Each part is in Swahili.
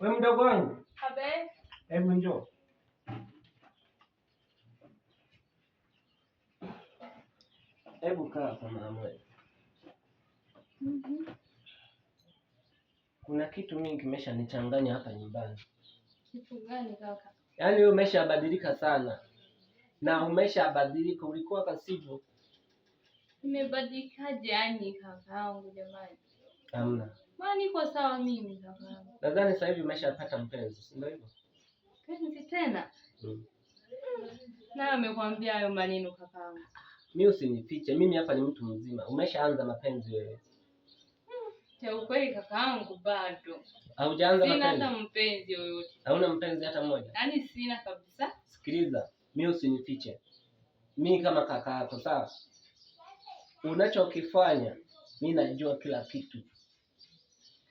Wewe mdogo wangu. Habe. Hebu njoo. Hebu kaa kwa mara Mhm. Kuna kitu mimi nichanganya hapa nyumbani. Kitu gani kaka? Yaani wewe umeshabadilika sana na umeshabadilika, ulikuwa kasivyo. Nimebadilikaje yani kakaangu jamani? Hamna niko sawa mimi. Nadhani sasa hivi umeshapata mpenzi, si ndio hivyo? Mpenzi tena Mm. Na amekwambia hayo maneno kakaangu? Mimi usinifiche, mimi hapa ni mtu mzima. Umeshaanza mapenzi wewe? Cha ukweli kakaangu, bado haujaanza mapenzi. Sina hata mpenzi yoyote. Hauna mpenzi hata mmoja? Yaani sina kabisa. Sikiliza, mimi usinifiche, Mimi kama kaka yako sawa. Unachokifanya mimi najua kila kitu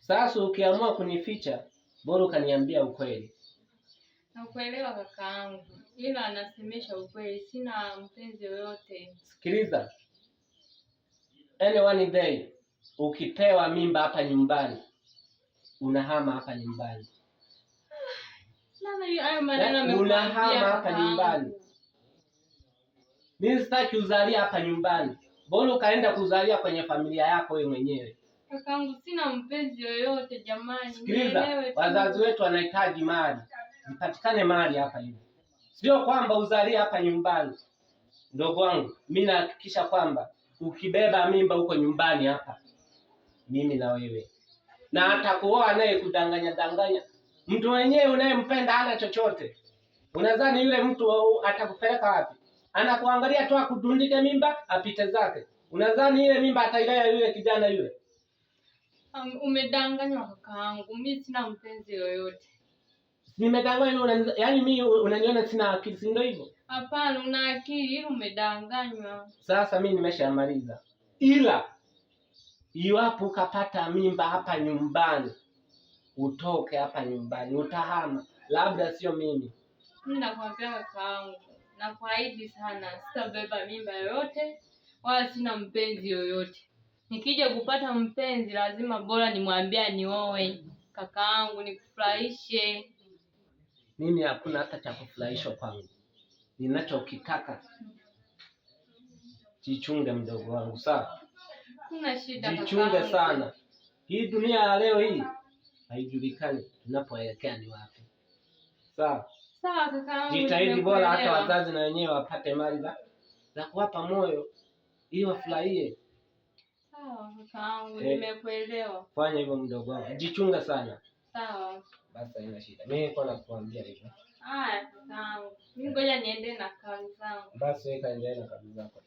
sasa ukiamua kunificha, bora ukaniambia ukweli. Nakuelewa kakaangu, ila anasemesha ukweli. Sina mpenzi yoyote. Sikiliza, any one day ukipewa mimba hapa nyumbani, unahama hapa nyumbani, eh, unahama hapa nyumbani. Mimi sitaki uzalia hapa nyumbani, bora ukaenda kuzalia kwenye familia yako wewe mwenyewe. Kakangu, sina mpenzi yoyote jamani. Sikiliza, wazazi wetu wanahitaji mali, zipatikane mali hapa hivi, sio kwamba uzalie hapa nyumbani. Ndogo wangu, mimi nahakikisha kwamba ukibeba mimba huko nyumbani hapa, mimi na wewe, na kuoa naye kudanganya danganya. Mtu mwenyewe unayempenda hana chochote, unadhani yule mtu atakupeleka wapi? Anakuangalia tu akudundike mimba apite zake, unadhani ile mimba atailea yule kijana yule Um, umedanganywa kakaangu, mi sina mpenzi yoyote. Nimedanganywa? Yaani, yaani mi unaniona sina akili, si ndio hivyo? Hapana, una akili, ila umedanganywa. Sasa mi nimeshamaliza, ila iwapo ukapata mimba hapa nyumbani, utoke hapa nyumbani, utahama. Labda sio mimi. Mi nakwambia kakaangu, nakuahidi sana, sitabeba mimba yoyote wala sina mpenzi yoyote. Nikija kupata mpenzi lazima bora nimwambie anioe. Kakaangu nikufurahishe. Mimi hakuna hata cha kufurahishwa kwangu, ninachokitaka jichunge, mdogo wangu, sawa? Kuna shida jichunge sana. Hii dunia ya leo hii haijulikani tunapoelekea ni wapi, sawa? Sawa kakaangu, jitahidi bora hata wazazi na wenyewe wapate mali za kuwapa moyo ili wafurahie. Sawa, eh. nimekuelewa. Fanya hivyo mdogo wangu, jichunga sana. Sawa basi, haina shida. Mimi niko na nakuambia hivyo. Haya, sawa. Mimi ngoja niende na kazi zangu. Basi weka endelea na kazi zako.